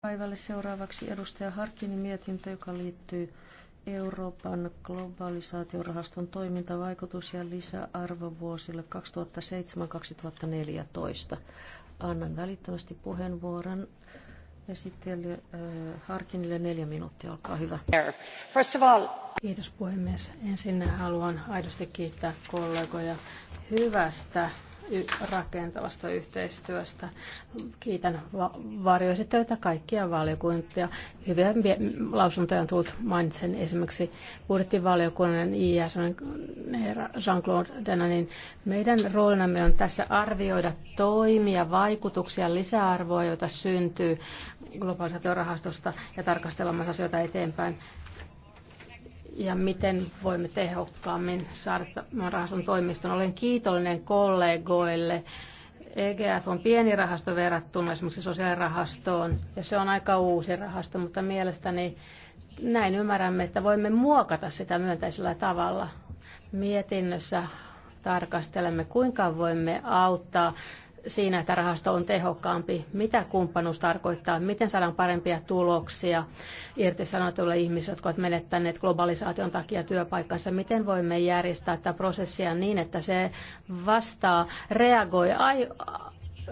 päivälle seuraavaksi edustaja Harkinin mietintö, joka liittyy Euroopan globalisaatiorahaston toimintavaikutus ja lisäarvo vuosille 2007-2014. Annan välittömästi puheenvuoron esittely äh, Harkinille neljä minuuttia, olkaa hyvä. First of all... Kiitos puhemies. Ensin haluan aidosti kiittää kollegoja hyvästä rakentavasta yhteistyöstä. Kiitän varjoesitöitä kaikkia valiokuntia. Hyviä lausuntoja on tullut. Mainitsen esimerkiksi budjettivaliokunnan IS Jean-Claude Denanin. Meidän roolinamme on tässä arvioida toimia, vaikutuksia, lisäarvoa, joita syntyy globalisaatiorahastosta ja tarkastella myös asioita eteenpäin ja miten voimme tehokkaammin saada rahaston toimiston. Olen kiitollinen kollegoille. EGF on pieni rahasto verrattuna esimerkiksi sosiaalirahastoon ja se on aika uusi rahasto, mutta mielestäni näin ymmärrämme, että voimme muokata sitä myönteisellä tavalla. Mietinnössä tarkastelemme, kuinka voimme auttaa siinä, että rahasto on tehokkaampi. Mitä kumppanuus tarkoittaa? Miten saadaan parempia tuloksia irtisanotuille ihmisille, jotka ovat menettäneet globalisaation takia työpaikkansa? Miten voimme järjestää tätä prosessia niin, että se vastaa, reagoi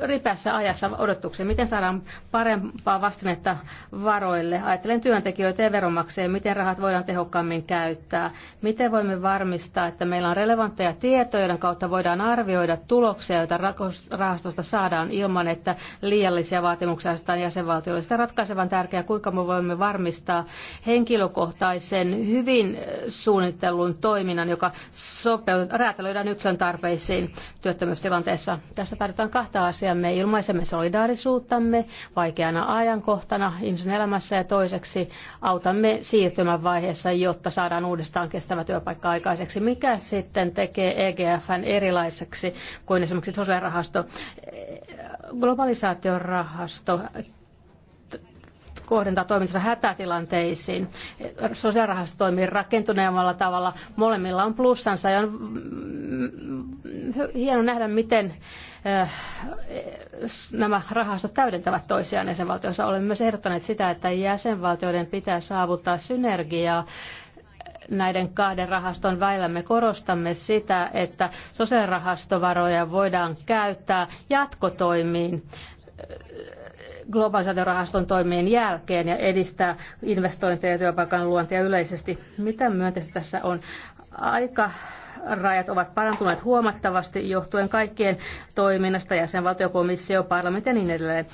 ripässä ajassa odotuksen. Miten saadaan parempaa vastinetta varoille? Ajattelen työntekijöitä ja veronmaksajia, miten rahat voidaan tehokkaammin käyttää. Miten voimme varmistaa, että meillä on relevantteja tietoja, joiden kautta voidaan arvioida tuloksia, joita rahastosta saadaan ilman, että liiallisia vaatimuksia asetetaan jäsenvaltioille. Sitä ratkaisevan tärkeää, kuinka me voimme varmistaa henkilökohtaisen hyvin eh, suunnitellun toiminnan, joka sopeut- räätälöidään yksilön tarpeisiin työttömyystilanteessa. Tässä tarvitaan kahta asiaa ja Me ilmaisemme solidaarisuuttamme vaikeana ajankohtana ihmisen elämässä ja toiseksi autamme siirtymän vaiheessa, jotta saadaan uudestaan kestävä työpaikka aikaiseksi. Mikä sitten tekee EGFn erilaiseksi kuin esimerkiksi sosiaalirahasto? Globalisaation rahasto kohdentaa toimintansa hätätilanteisiin. Sosiaalirahasto toimii rakentuneemmalla tavalla. Molemmilla on plussansa ja on mm, hieno nähdä, miten äh, nämä rahastot täydentävät toisiaan jäsenvaltioissa. Olemme myös ehdottaneet sitä, että jäsenvaltioiden pitää saavuttaa synergiaa näiden kahden rahaston välillä me korostamme sitä, että sosiaalirahastovaroja voidaan käyttää jatkotoimiin globalisaatiorahaston toimien jälkeen ja edistää investointeja ja työpaikan luontia yleisesti. Mitä myönteistä tässä on? Aika rajat ovat parantuneet huomattavasti johtuen kaikkien toiminnasta, jäsenvaltiokomissio, parlamentti ja niin edelleen.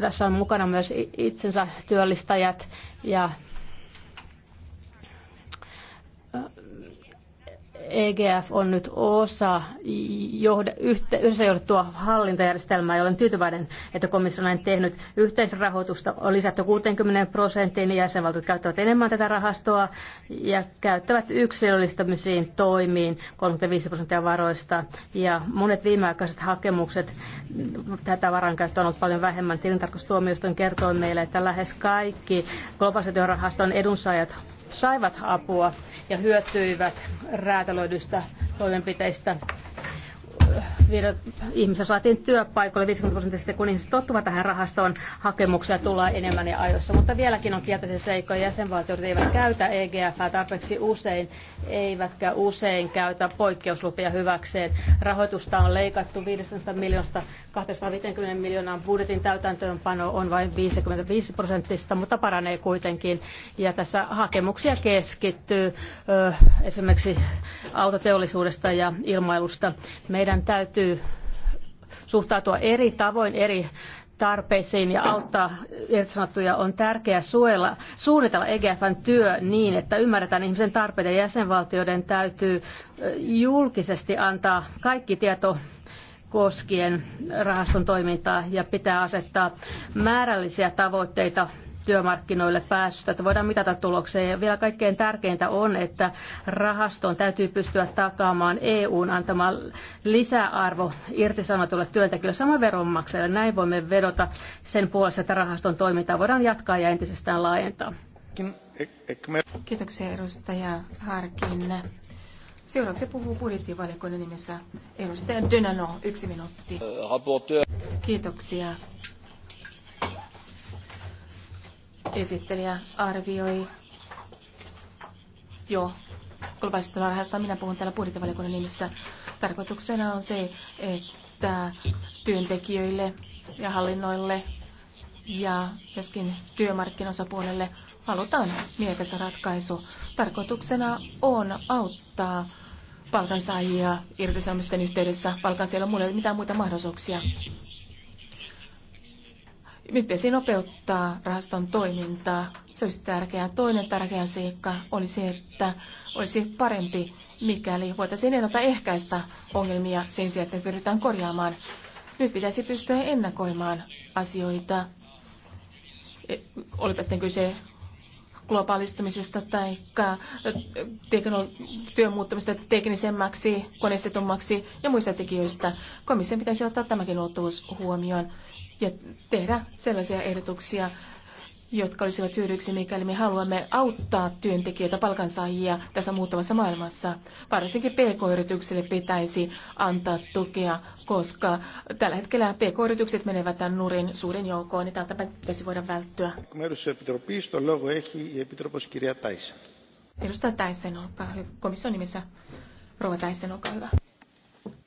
Tässä on mukana myös itsensä työllistäjät ja EGF on nyt osa johda, yhte, yhdessä johdettua hallintajärjestelmää, jolloin tyytyväinen, että komissio on näin tehnyt. Yhteisrahoitusta on lisätty 60 prosenttiin, jäsenvaltiot käyttävät enemmän tätä rahastoa ja käyttävät yksilöllistämisiin toimiin 35 prosenttia varoista, ja monet viimeaikaiset hakemukset tätä varankäyttöä on ollut paljon vähemmän. Tilintarkastustuomioistuin kertoi meille, että lähes kaikki globalisaatiorahaston edunsaajat saivat apua ja hyötyivät räätälöidystä toimenpiteistä virrat, ihmisiä saatiin työpaikoille 50 sitten, kun ihmiset tottuvat tähän rahastoon, hakemuksia tullaan enemmän ja ajoissa. Mutta vieläkin on kielteisiä seikkoja. Jäsenvaltiot eivät käytä EGF tarpeeksi usein, eivätkä usein käytä poikkeuslupia hyväkseen. Rahoitusta on leikattu 500 miljoonasta 250 miljoonaan. Budjetin täytäntöönpano on vain 55 prosenttista, mutta paranee kuitenkin. Ja tässä hakemuksia keskittyy ö, esimerkiksi autoteollisuudesta ja ilmailusta. me meidän täytyy suhtautua eri tavoin eri tarpeisiin ja auttaa irtisanottuja on tärkeää suojella, suunnitella EGFn työ niin, että ymmärretään ihmisen tarpeita ja jäsenvaltioiden täytyy julkisesti antaa kaikki tieto koskien rahaston toimintaa ja pitää asettaa määrällisiä tavoitteita työmarkkinoille pääsystä, että voidaan mitata tuloksia. Ja vielä kaikkein tärkeintä on, että rahastoon täytyy pystyä takaamaan EUn antama lisäarvo irtisanotulle työntekijöille saman veronmaksajalle. Näin voimme vedota sen puolesta, että rahaston toimintaa voidaan jatkaa ja entisestään laajentaa. Kiitoksia edustaja Harkin. Seuraavaksi puhuu budjettivaliokunnan nimessä edustaja Dynano, yksi minuutti. Kiitoksia esittelijä arvioi jo globaalista rahasta. Minä puhun täällä budjettivaliokunnan nimissä. Tarkoituksena on se, että työntekijöille ja hallinnoille ja myöskin työmarkkinosapuolelle halutaan mielekäs ratkaisu. Tarkoituksena on auttaa palkansaajia irtisanomisten yhteydessä. Palkansaajilla ei ole mitään muita mahdollisuuksia. Nyt pitäisi nopeuttaa rahaston toimintaa. Se olisi tärkeää. Toinen tärkeä seikka olisi, että olisi parempi, mikäli voitaisiin ennaltaehkäistä ongelmia sen sijaan, että pyritään korjaamaan. Nyt pitäisi pystyä ennakoimaan asioita. E, olipa sitten kyse globaalistumisesta tai e, työn muuttamista teknisemmäksi, koneistetummaksi ja muista tekijöistä. Komission pitäisi ottaa tämäkin ulottuvuus huomioon ja tehdä sellaisia ehdotuksia, jotka olisivat hyödyksi, mikäli me haluamme auttaa työntekijöitä, palkansaajia tässä muuttavassa maailmassa. Varsinkin PK-yrityksille pitäisi antaa tukea, koska tällä hetkellä PK-yritykset menevät tämän nurin suurin joukoon, niin tältä pitäisi voida välttyä. Edustaja Taisen, olkaa hyvä. Komission nimissä. Rouva Taisen, olkaa hyvä.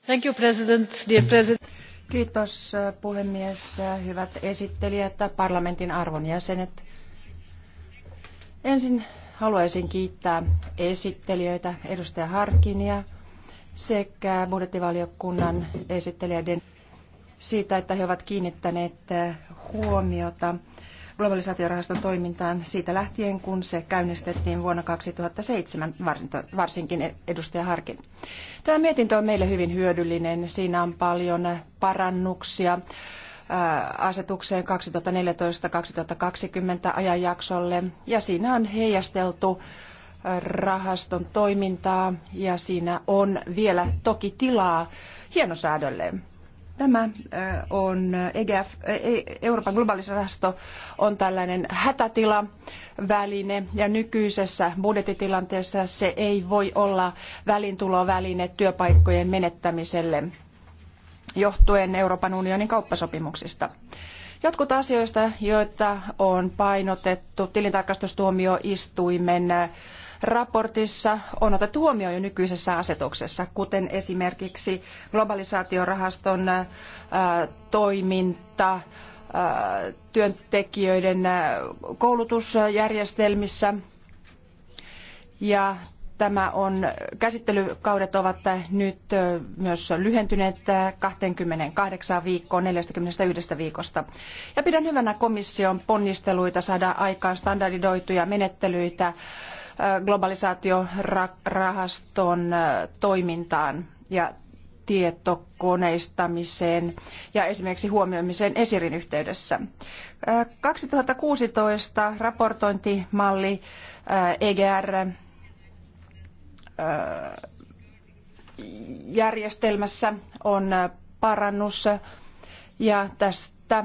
Thank you, President. Dear President. Kiitos puhemies, hyvät esittelijät, ja parlamentin arvon jäsenet. Ensin haluaisin kiittää esittelijöitä, edustaja Harkinia sekä budjettivaliokunnan esittelijöiden siitä, että he ovat kiinnittäneet huomiota globalisaatiorahaston toimintaan siitä lähtien, kun se käynnistettiin vuonna 2007, varsinkin edustaja Harkin. Tämä mietintö on meille hyvin hyödyllinen. Siinä on paljon parannuksia asetukseen 2014-2020 ajanjaksolle ja siinä on heijasteltu rahaston toimintaa ja siinä on vielä toki tilaa hienosäädölleen. Tämä on EGF, e, Euroopan globaalisuusrahasto on tällainen hätätilaväline ja nykyisessä budjettitilanteessa se ei voi olla välintuloväline työpaikkojen menettämiselle johtuen Euroopan unionin kauppasopimuksista. Jotkut asioista, joita on painotettu tilintarkastustuomioistuimen raportissa on otettu huomioon jo nykyisessä asetuksessa, kuten esimerkiksi globalisaatiorahaston äh, toiminta äh, työntekijöiden äh, koulutusjärjestelmissä ja tämä on, käsittelykaudet ovat nyt myös lyhentyneet 28 viikkoon 41 viikosta. Ja pidän hyvänä komission ponnisteluita saada aikaan standardidoituja menettelyitä globalisaatiorahaston äh, toimintaan ja tietokoneistamiseen ja esimerkiksi huomioimiseen esirin yhteydessä. 2016 äh, raportointimalli äh, EGR järjestelmässä on parannus ja tästä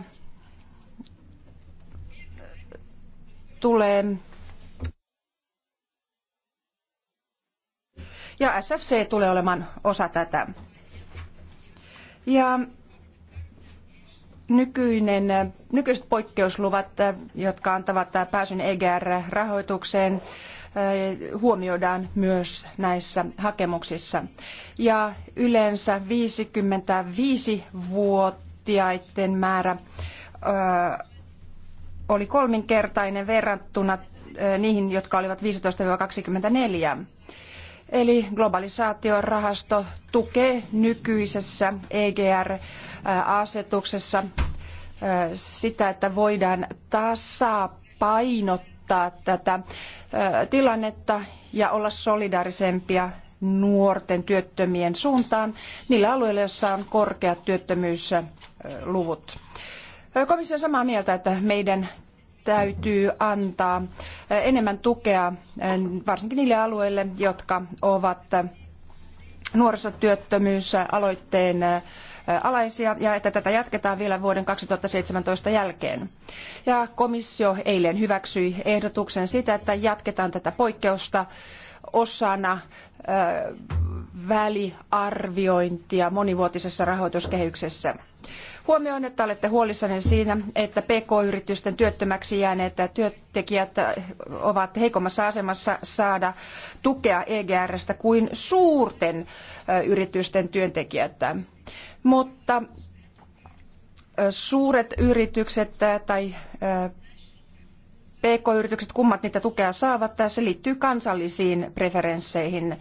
tulee ja SFC tulee olemaan osa tätä. Ja nykyinen, nykyiset poikkeusluvat, jotka antavat pääsyn EGR-rahoitukseen, eh, huomioidaan myös näissä hakemuksissa. Ja yleensä 55-vuotiaiden määrä eh, oli kolminkertainen verrattuna eh, niihin, jotka olivat 15-24. Eli globalisaatiorahasto tukee nykyisessä EGR-asetuksessa sitä, että voidaan tasapainottaa tätä tilannetta ja olla solidaarisempia nuorten työttömien suuntaan niillä alueilla, joissa on korkeat työttömyysluvut. Komissio on samaa mieltä, että meidän täytyy antaa enemmän tukea eh, varsinkin niille alueille, jotka ovat eh, nuorisotyöttömyysaloitteen eh, alaisia ja että tätä jatketaan vielä vuoden 2017 jälkeen. Ja komissio eilen hyväksyi ehdotuksen siitä, että jatketaan tätä poikkeusta osana väliarviointia monivuotisessa rahoituskehyksessä. Huomioin, että olette huolissanne siinä, että PK-yritysten työttömäksi jääneet työntekijät ovat heikommassa asemassa saada tukea EGRstä kuin suurten yritysten työntekijät. Mutta suuret yritykset tai PK-yritykset, kummat niitä tukea saavat, se liittyy kansallisiin preferensseihin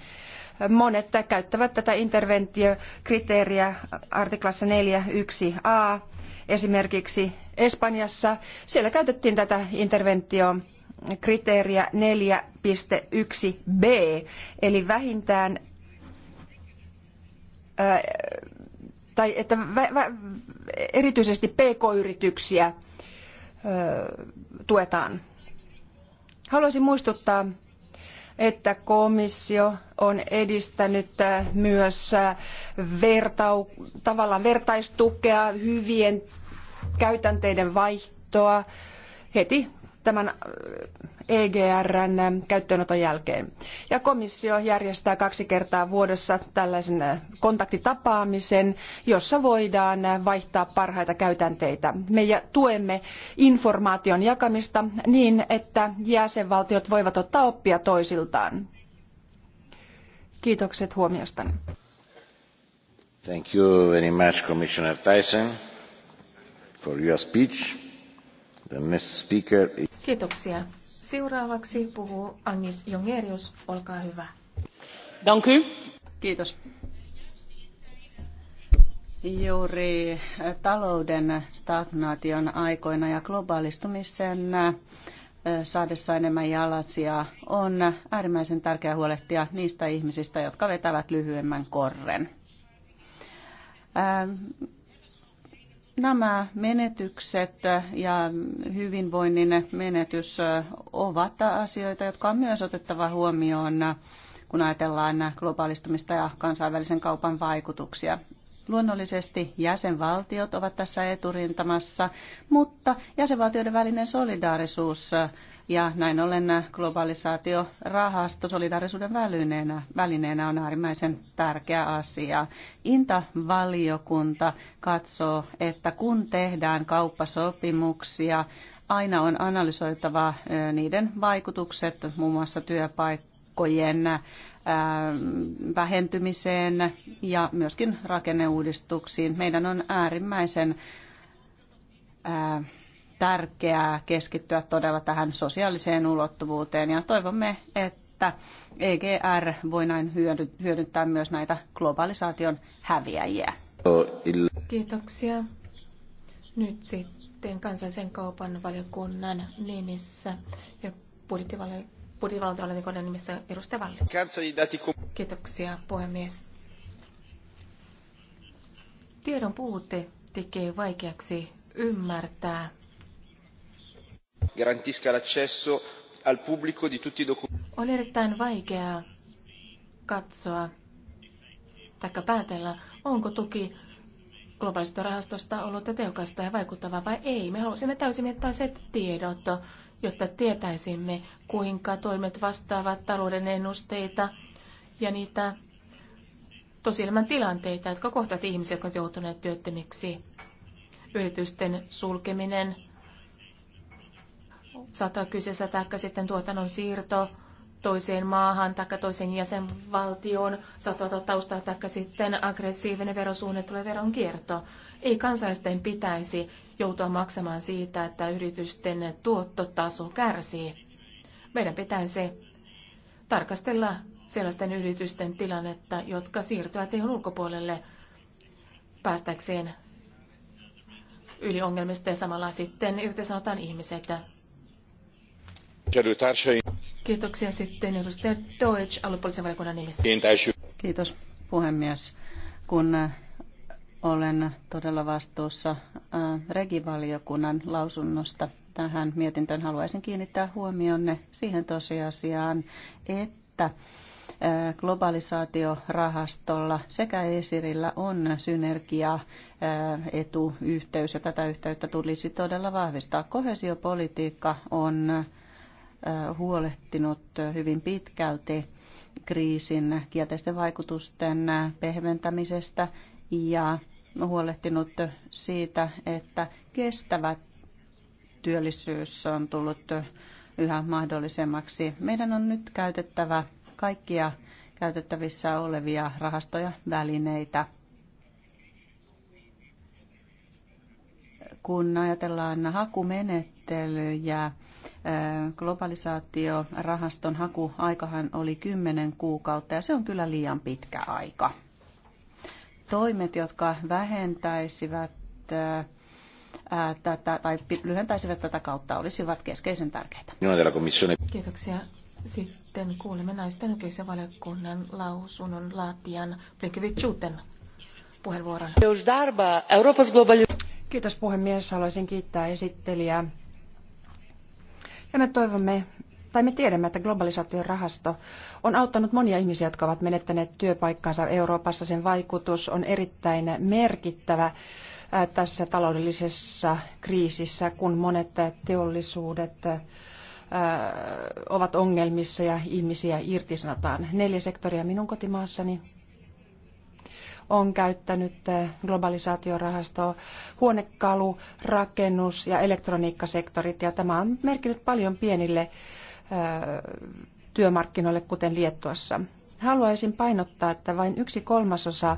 monet käyttävät tätä interventiokriteeriä artiklassa yksi a Esimerkiksi Espanjassa siellä käytettiin tätä interventiokriteeriä yksi b eli vähintään tai että erityisesti pk-yrityksiä tuetaan. Haluaisin muistuttaa että komissio on edistänyt äh, myös äh, vertau, tavallaan vertaistukea, hyvien käytänteiden vaihtoa heti tämän äh, EGRn äh, käyttöönoton jälkeen. Ja komissio järjestää kaksi kertaa vuodessa tällaisen äh, kontaktitapaamisen, jossa voidaan vaihtaa parhaita käytänteitä. Me tuemme informaation jakamista niin, että jäsenvaltiot voivat ottaa oppia toisiltaan. Kiitokset huomiostanne. Thank you very much, Commissioner Tyson, for your speech. Kiitoksia. Seuraavaksi puhuu Agnes Jongerius. Olkaa hyvä. Kiitos. Juuri eh, talouden stagnaation aikoina ja globaalistumisen eh, saadessa enemmän jalasia on äärimmäisen tärkeää huolehtia niistä ihmisistä, jotka vetävät lyhyemmän korren. Eh, Nämä menetykset ja hyvinvoinnin menetys ovat asioita, jotka on myös otettava huomioon, kun ajatellaan globaalistumista ja kansainvälisen kaupan vaikutuksia. Luonnollisesti jäsenvaltiot ovat tässä eturintamassa, mutta jäsenvaltioiden välinen solidaarisuus ja näin ollen rahasto solidaarisuuden välineenä, välineenä on äärimmäisen tärkeä asia. Inta-valiokunta katsoo, että kun tehdään kauppasopimuksia, aina on analysoitava niiden vaikutukset muun muassa työpaikkojen vähentymiseen ja myöskin rakenneuudistuksiin. Meidän on äärimmäisen tärkeää keskittyä todella tähän sosiaaliseen ulottuvuuteen ja toivomme, että EGR voi näin hyödyntää myös näitä globalisaation häviäjiä. Kiitoksia. Nyt sitten kansallisen kaupan valiokunnan nimissä ja budjettivaliokunnan nimissä edustaja Valli. Kiitoksia puhemies. Tiedon puute tekee vaikeaksi ymmärtää garantisca l'accesso al pubblico di tutti i documenti. On erittäin vaikeaa katsoa tai päätellä, onko tuki globaalista rahastosta ollut tehokasta ja vaikuttavaa vai ei. Me halusimme täysimittaiset tiedot, jotta tietäisimme, kuinka toimet vastaavat talouden ennusteita ja niitä tosielämän tilanteita, jotka kohtaat ihmisiä, jotka ovat joutuneet työttömiksi. Yritysten sulkeminen, saattaa olla kyseessä taikka sitten tuotannon siirto toiseen maahan tai toiseen jäsenvaltioon, saattaa olla taustaa tai sitten aggressiivinen verosuunnittelu ja veronkierto. Ei kansalaisten pitäisi joutua maksamaan siitä, että yritysten tuottotaso kärsii. Meidän pitäisi tarkastella sellaisten yritysten tilannetta, jotka siirtyvät ihan ulkopuolelle päästäkseen yli ongelmista ja samalla sitten irtisanotaan ihmiset. Kiitoksia sitten edustaja Deutsch aluepoliittisen valiokunnan nimissä. Kiitos puhemies. Kun olen todella vastuussa regivaliokunnan lausunnosta tähän mietintöön, haluaisin kiinnittää huomionne siihen tosiasiaan, että globalisaatiorahastolla sekä esirillä on synergia etuyhteys ja tätä yhteyttä tulisi todella vahvistaa. Kohesiopolitiikka on huolehtinut hyvin pitkälti kriisin kielteisten vaikutusten pehmentämisestä ja huolehtinut siitä, että kestävä työllisyys on tullut yhä mahdollisemmaksi. Meidän on nyt käytettävä kaikkia käytettävissä olevia rahastoja, välineitä. Kun ajatellaan hakumenettelyjä, globalisaatiorahaston hakuaikahan oli 10 kuukautta ja se on kyllä liian pitkä aika. Toimet, jotka vähentäisivät tätä, tai lyhentäisivät tätä kautta, olisivat keskeisen tärkeitä. Kiitoksia. Sitten kuulemme naisten oikeuksien valiokunnan lausunnon laatijan Blinkevichuten puheenvuoron. Kiitos puhemies. Haluaisin kiittää esittelijää ja me toivomme, tai me tiedämme, että globalisaation rahasto on auttanut monia ihmisiä, jotka ovat menettäneet työpaikkansa Euroopassa. Sen vaikutus on erittäin merkittävä äh, tässä taloudellisessa kriisissä, kun monet teollisuudet äh, ovat ongelmissa ja ihmisiä irtisanotaan. Neljä sektoria minun kotimaassani on käyttänyt eh, globalisaatiorahastoa huonekalu, rakennus ja elektroniikkasektorit. Ja tämä on merkinnyt paljon pienille eh, työmarkkinoille, kuten Liettuassa. Haluaisin painottaa, että vain yksi kolmasosa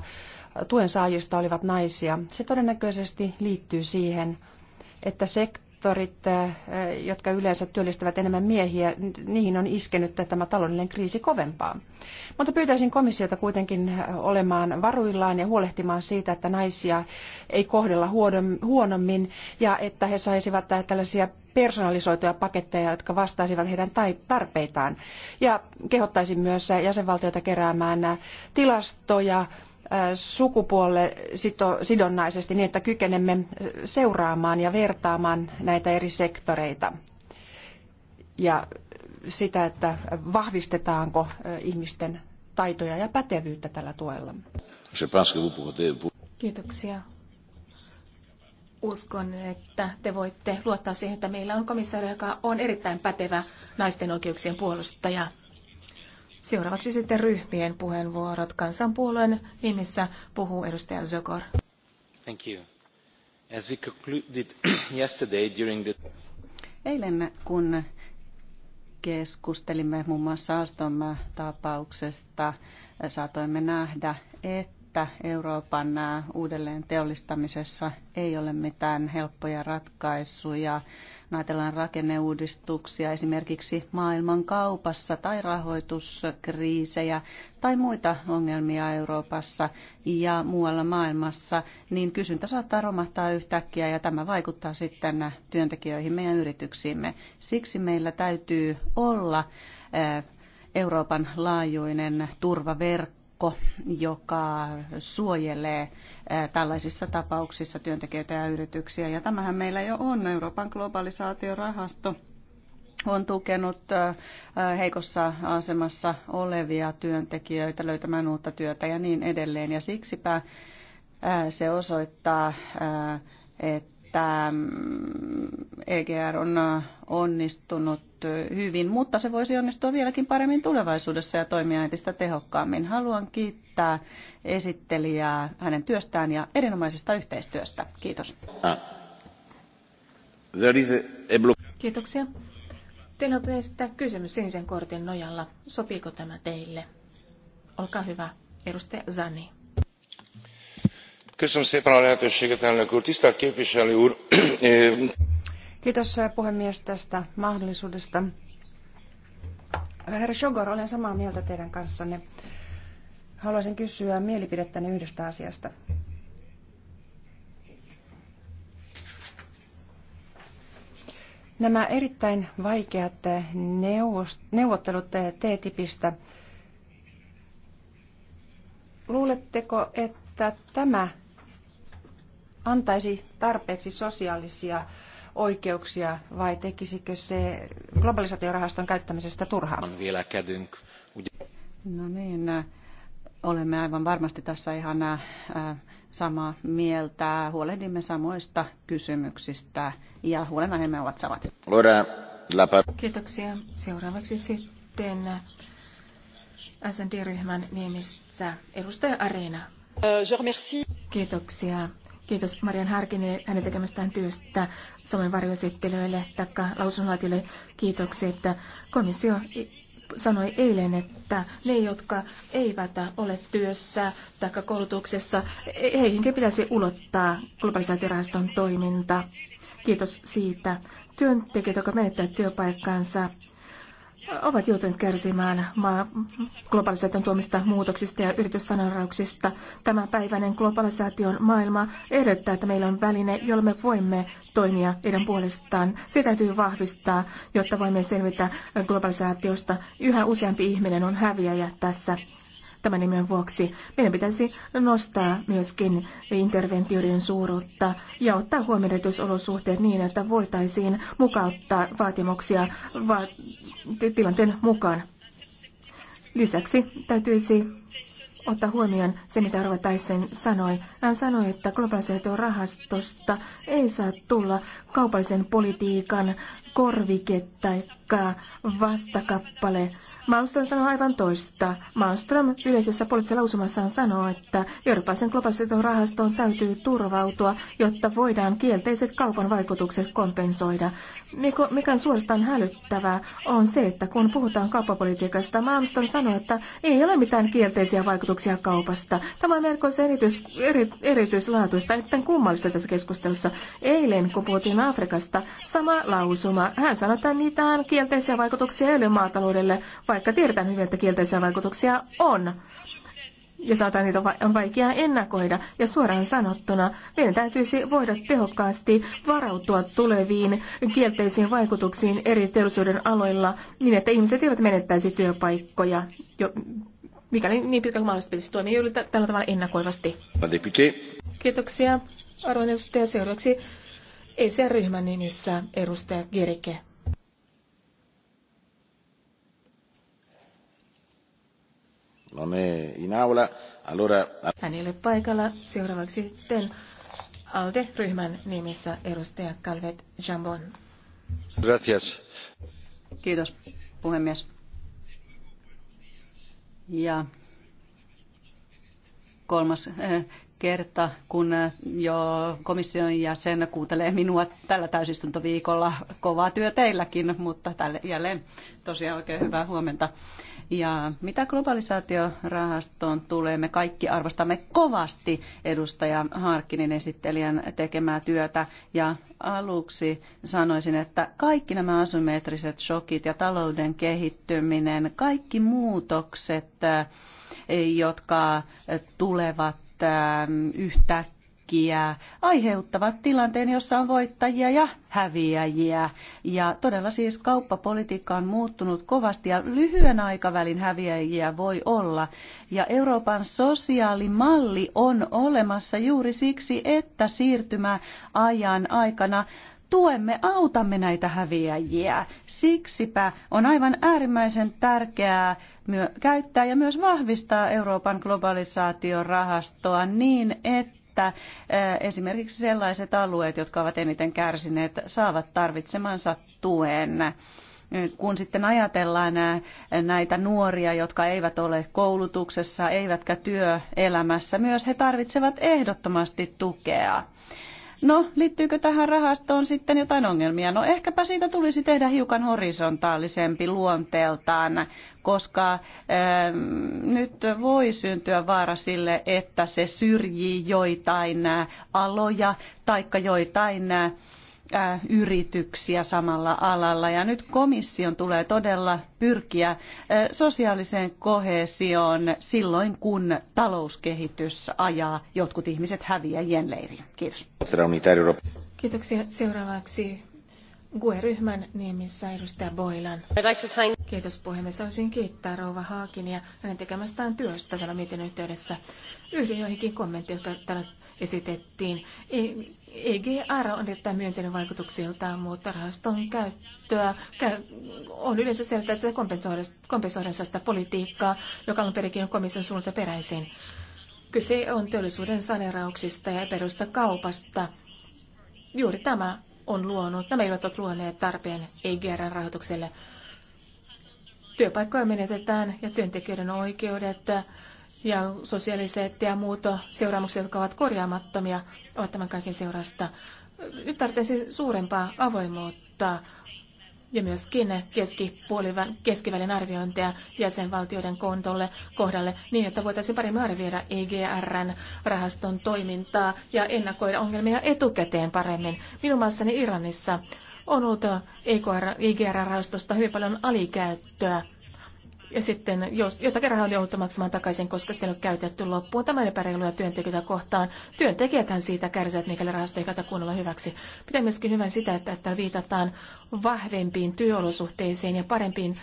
tuen saajista olivat naisia. Se todennäköisesti liittyy siihen, että sektori sektorit, eh, jotka yleensä työllistävät enemmän miehiä, niihin on iskenyt tämä taloudellinen kriisi kovempaa. Mutta pyytäisin komissiota kuitenkin eh, olemaan varuillaan ja huolehtimaan siitä, että naisia ei kohdella huonommin ja että he saisivat tällaisia personalisoituja paketteja, jotka vastaisivat heidän tarpeitaan. Ja kehottaisin myös eh, jäsenvaltioita keräämään tilastoja sukupuolelle niin, että kykenemme seuraamaan ja vertaamaan näitä eri sektoreita ja sitä, että vahvistetaanko ihmisten taitoja ja pätevyyttä tällä tuella. Kiitoksia. Uskon, että te voitte luottaa siihen, että meillä on komissaari, joka on erittäin pätevä naisten oikeuksien puolustaja. Seuraavaksi sitten ryhmien puheenvuorot. Kansanpuolueen nimissä puhuu edustaja Zogor. Thank you. As we concluded yesterday during the... Eilen kun keskustelimme muun muassa Alstom-tapauksesta, saatoimme nähdä, että että Euroopan uudelleen teollistamisessa ei ole mitään helppoja ratkaisuja. Ajatellaan rakenneuudistuksia esimerkiksi maailmankaupassa tai rahoituskriisejä tai muita ongelmia Euroopassa ja muualla maailmassa, niin kysyntä saattaa romahtaa yhtäkkiä ja tämä vaikuttaa sitten työntekijöihin ja yrityksiimme. Siksi meillä täytyy olla Euroopan laajuinen turvaverkko joukko, joka suojelee tällaisissa tapauksissa työntekijöitä ja yrityksiä. Ja tämähän meillä jo on. Euroopan globalisaatiorahasto on tukenut heikossa asemassa olevia työntekijöitä löytämään uutta työtä ja niin edelleen. Ja siksipä se osoittaa, että että mm, EGR on äh, onnistunut hyvin, mutta se voisi onnistua vieläkin paremmin tulevaisuudessa ja toimia entistä tehokkaammin. Haluan kiittää esittelijää hänen työstään ja erinomaisesta yhteistyöstä. Kiitos. Ah. Kiitoksia. Teillä on esittää kysymys sinisen kortin nojalla. Sopiiko tämä teille? Olkaa hyvä, edustaja Zani tisztelt képviselő úr! Eh, kiitos eh, puhemies tästä mahdollisuudesta. herra sógor olen samaa mieltä teidän kanssanne. haluaisin kysyä mielipidettänne yhdestä asiasta. Nämä erittäin vaikeat eh, neuvottelut TTIPistä, luuletteko, että tämä antaisi tarpeeksi sosiaalisia oikeuksia vai tekisikö se globalisaatiorahaston käyttämisestä turhaa? On vielä kädynk. No niin, olemme aivan varmasti tässä ihan äh, samaa mieltä. Huolehdimme samoista kysymyksistä ja huolenaiheemme ovat samat. Kiitoksia. Seuraavaksi sitten äh, SND-ryhmän nimissä edustaja Areena. Euh, Kiitoksia Kiitos Marian Harkinen hänen tekemästään työstä samoin varjoesittelijöille lausunnolaitille kiitoksia, että Komissio sanoi eilen, että ne, jotka eivät ole työssä tai koulutuksessa, e- heihinkin pitäisi ulottaa globalisaatiorahaston toiminta. Kiitos siitä. Työntekijät, jotka menettävät työpaikkansa, ovat joutuneet kärsimään maa, globalisaation tuomista muutoksista ja yrityssanarauksista. päiväinen globalisaation maailma edellyttää, että meillä on väline, jolla me voimme toimia heidän puolestaan. Se täytyy vahvistaa, jotta voimme selvitä globalisaatiosta. Yhä useampi ihminen on häviäjä tässä tämän nimen vuoksi meidän pitäisi nostaa myöskin interventioiden suuruutta ja ottaa huomioon olosuhteet niin, että voitaisiin mukauttaa vaatimuksia va- tilanteen mukaan. Lisäksi täytyisi ottaa huomioon se, mitä Rova Tyson sanoi. Hän sanoi, että rahastosta ei saa tulla kaupallisen politiikan korvike tai vastakappale Malmström sanoi aivan toista. Malmström yleisessä poliittisessa lausumassaan sanoo, että eurooppalaisen rahastoon täytyy turvautua, jotta voidaan kielteiset kaupan vaikutukset kompensoida. Mikä on suorastaan hälyttävää on se, että kun puhutaan kauppapolitiikasta, Malmström sanoo, että ei ole mitään kielteisiä vaikutuksia kaupasta. Tämä on melko erityis, eri, erityislaatuista, että kummallista tässä keskustelussa. Eilen, kun puhuttiin Afrikasta, sama lausuma. Hän sanoi, että mitään kielteisiä vaikutuksia ei ole maataloudelle, vaikka tiedetään hyvin, että kielteisiä vaikutuksia on. Ja sanotaan, niitä on vaikea ennakoida. Ja suoraan sanottuna, meidän täytyisi voida tehokkaasti varautua tuleviin kielteisiin vaikutuksiin eri teollisuuden aloilla niin, että ihmiset eivät menettäisi työpaikkoja, jo, mikäli niin pitkä kuin mahdollista pitäisi toimia juuri tällä tavalla ennakoivasti. Kiitoksia, arvoin edustaja. Seuraavaksi ECR-ryhmän nimissä edustaja Gerike. non è in aula, allora... Hän ei ole paikalla. Seuraavaksi sitten ALDE-ryhmän nimissä edustaja Calvet Jambon. Gracias. Kiitos, puhemies. Ja kolmas eh, kerta, kun eh, jo komission jäsen kuuntelee minua tällä täysistuntoviikolla. Kovaa työ teilläkin, mutta tälle jälleen tosiaan oikein hyvää huomenta. Ja mitä globalisaatiorahastoon tulee, me kaikki arvostamme kovasti edustaja Harkkinin esittelijän tekemää työtä. Ja aluksi sanoisin, että kaikki nämä asymmetriset shokit ja talouden kehittyminen, kaikki muutokset, jotka tulevat yhtäkkiä, riskiä aiheuttavat tilanteen, jossa on voittajia ja häviäjiä. Ja todella siis kauppapolitiikka on muuttunut kovasti ja lyhyen aikavälin häviäjiä voi olla. Ja Euroopan sosiaalimalli on olemassa juuri siksi, että siirtymäajan aikana tuemme, autamme näitä häviäjiä. Siksipä on aivan äärimmäisen tärkeää käyttää ja myös vahvistaa Euroopan globalisaation rahastoa niin, että että esimerkiksi sellaiset alueet, jotka ovat eniten kärsineet, saavat tarvitsemansa tuen kun sitten ajatellaan näitä nuoria, jotka eivät ole koulutuksessa eivätkä työelämässä, myös he tarvitsevat ehdottomasti tukea. No, liittyykö tähän rahastoon sitten jotain ongelmia? No, ehkäpä siitä tulisi tehdä hiukan horisontaalisempi luonteeltaan, koska äh, nyt voi syntyä vaara sille, että se syrjii joitain äh, aloja tai joitain äh, yrityksiä samalla alalla. Ja nyt komission tulee todella pyrkiä sosiaaliseen kohesioon silloin, kun talouskehitys ajaa jotkut ihmiset häviäjien leiriin. Kiitos. Kiitoksia. Seuraavaksi GUE-ryhmän nimissä edustaja Boilan. Kiitos puhemies. Haluaisin kiittää Rouva Haakin ja hänen tekemästään työstä täällä mietinnön yhteydessä. Yhdyn joihinkin kommentteihin, jotka täällä esitettiin. EGR e on erittäin myönteinen vaikutuksiltaan, mutta rahaston käyttöä on yleensä sellaista, että se kompensoidaan sitä politiikkaa, joka on perikin komission suunnalta peräisin. Kyse on teollisuuden saneerauksista ja perusta kaupasta. Juuri tämä on luonut, nämä eivät ole luoneet tarpeen EGR-rahoitukselle. Työpaikkoja menetetään ja työntekijöiden oikeudet ja sosiaaliset ja muut seuraamukset, jotka ovat korjaamattomia, ovat tämän kaiken seurasta. Nyt tarvitsee siis suurempaa avoimuutta ja myöskin keskivälin arviointeja jäsenvaltioiden kontolle kohdalle niin, että voitaisiin paremmin arvioida EGRn rahaston toimintaa ja ennakoida ongelmia etukäteen paremmin. Minun maassani Iranissa on ollut EGR-rahastosta e hyvin paljon alikäyttöä ja sitten jos, jotakin rahaa on jouduttu maksamaan takaisin, koska sitten on käytetty loppuun. Tämä on työntekijöitä kohtaan. Työntekijäthän siitä kärsivät, mikäli rahasto ei kunnolla hyväksi. Pidän myöskin hyvän sitä, että, että viitataan vahvempiin työolosuhteisiin ja parempiin